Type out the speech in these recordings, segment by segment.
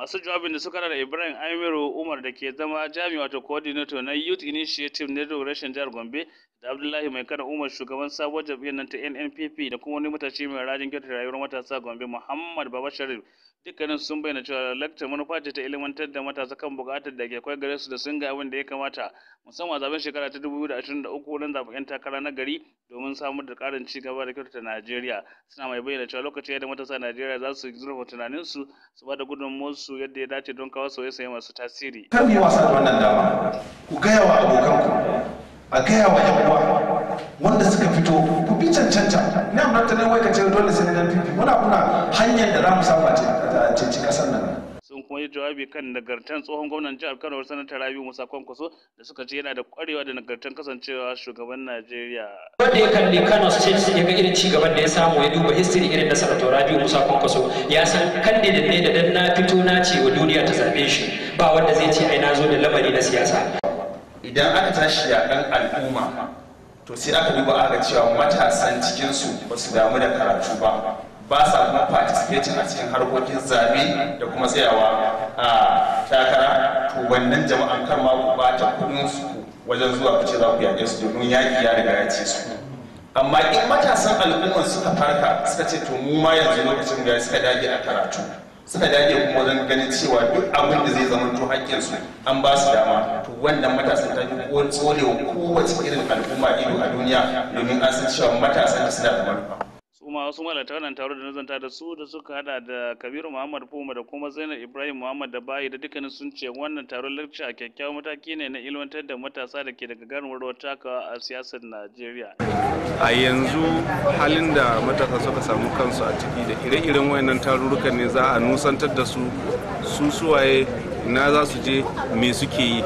masu jawabin da suka da ibrahim amiru umar da ke zama jami'a wato coordinator na youth initiative na rashin jihar gombe da Abdullahi mai kada Umar shugaban sabuwar jam'iyyar nan ta NNPP da kuma wani matashi mai rajin gyara rayuwar matasa Gombe Muhammad Baba Sharif dukkanin sun bayyana cewa lakta manufa ce ta ilimantar da matasa kan buƙatar da ke kai gare su da sun ga abin da ya kamata musamman a zaben shekara ta 2023 don zaɓen 'yan takara na gari domin samar da ƙarin ci gaba da kyautata Najeriya suna mai bayyana cewa lokaci yadda matasa Najeriya za su zurfa tunanin su su ba da su yadda ya dace don kawo sauye-sauye masu tasiri. Kan yi wasa da wannan dama ku gaya wa abokanku a gaya wa yan uwa wanda suka fito ku bi cancanta ina mun tana wai kace dole sai dan fifi muna kuna hanyar da za mu samu a cancanci kasar nan sun kuma yi jawabi kan nagartan tsohon gwamnan jihar Kano sanata Rabiu Musa Kwankwaso da suka ce yana da kwarewa da nagartan kasancewa shugaban Najeriya. Wanda ya kalli Kano State ya ga irin cigaban da ya samu ya duba history irin na sanata Rabiu Musa Kwankwaso ya san kan ne da da dan na fito na ce wa duniya ta zabe shi ba wanda zai ce ai na zo da lamari na siyasa idan aka tashi ɗan al'umma to sai aka duba aka cewa matasan cikinsu ba su damu da karatu ba ba sa kuma participating a cikin harkokin zabe da kuma tsayawa a takara to wannan jama'an kar ma ba bata kudin su wajen zuwa ku ce za ku yaƙe su domin yaƙi ya riga ya ce su amma in matasan al'umman suka farka suka ce to mu ma yanzu lokacin ga suka dage a karatu suka dage kuma wajen ganin cewa duk abin da zai zama to su an ba su dama to wannan matasan ta fi tsorewa kowace irin al'umma ido a duniya domin an san cewa matasan da suna da manufa wasu malata wannan taro da nazanta da su da suka hada da kabiru muhammad fuma da kuma zainab ibrahim muhammad da bayi da dukkanin sun ce wannan taron lecture a kyakkyawan mataki ne na ilmantar da matasa da ke daga garin rawar taka a siyasar najeriya a yanzu halin da matasa suka samu kansu a ciki da ire-iren wayannan tarurrukan ne za a nusantar da su su suwaye na za su je me suke yi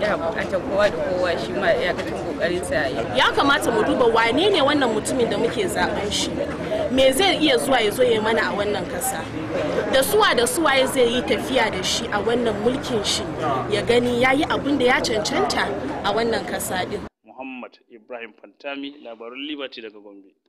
da kowa da kowa shi ma ya kokarin ya kamata mu duba wane ne wannan mutumin da muke zaben shi me zai iya zuwa ya zo ya mana a wannan kasa da suwa da suwa ya zai yi tafiya da shi a wannan mulkin shi ya gani ya yi abin da ya cancanta a wannan kasa din Muhammad Ibrahim Fantami labarun Liberty daga Gombe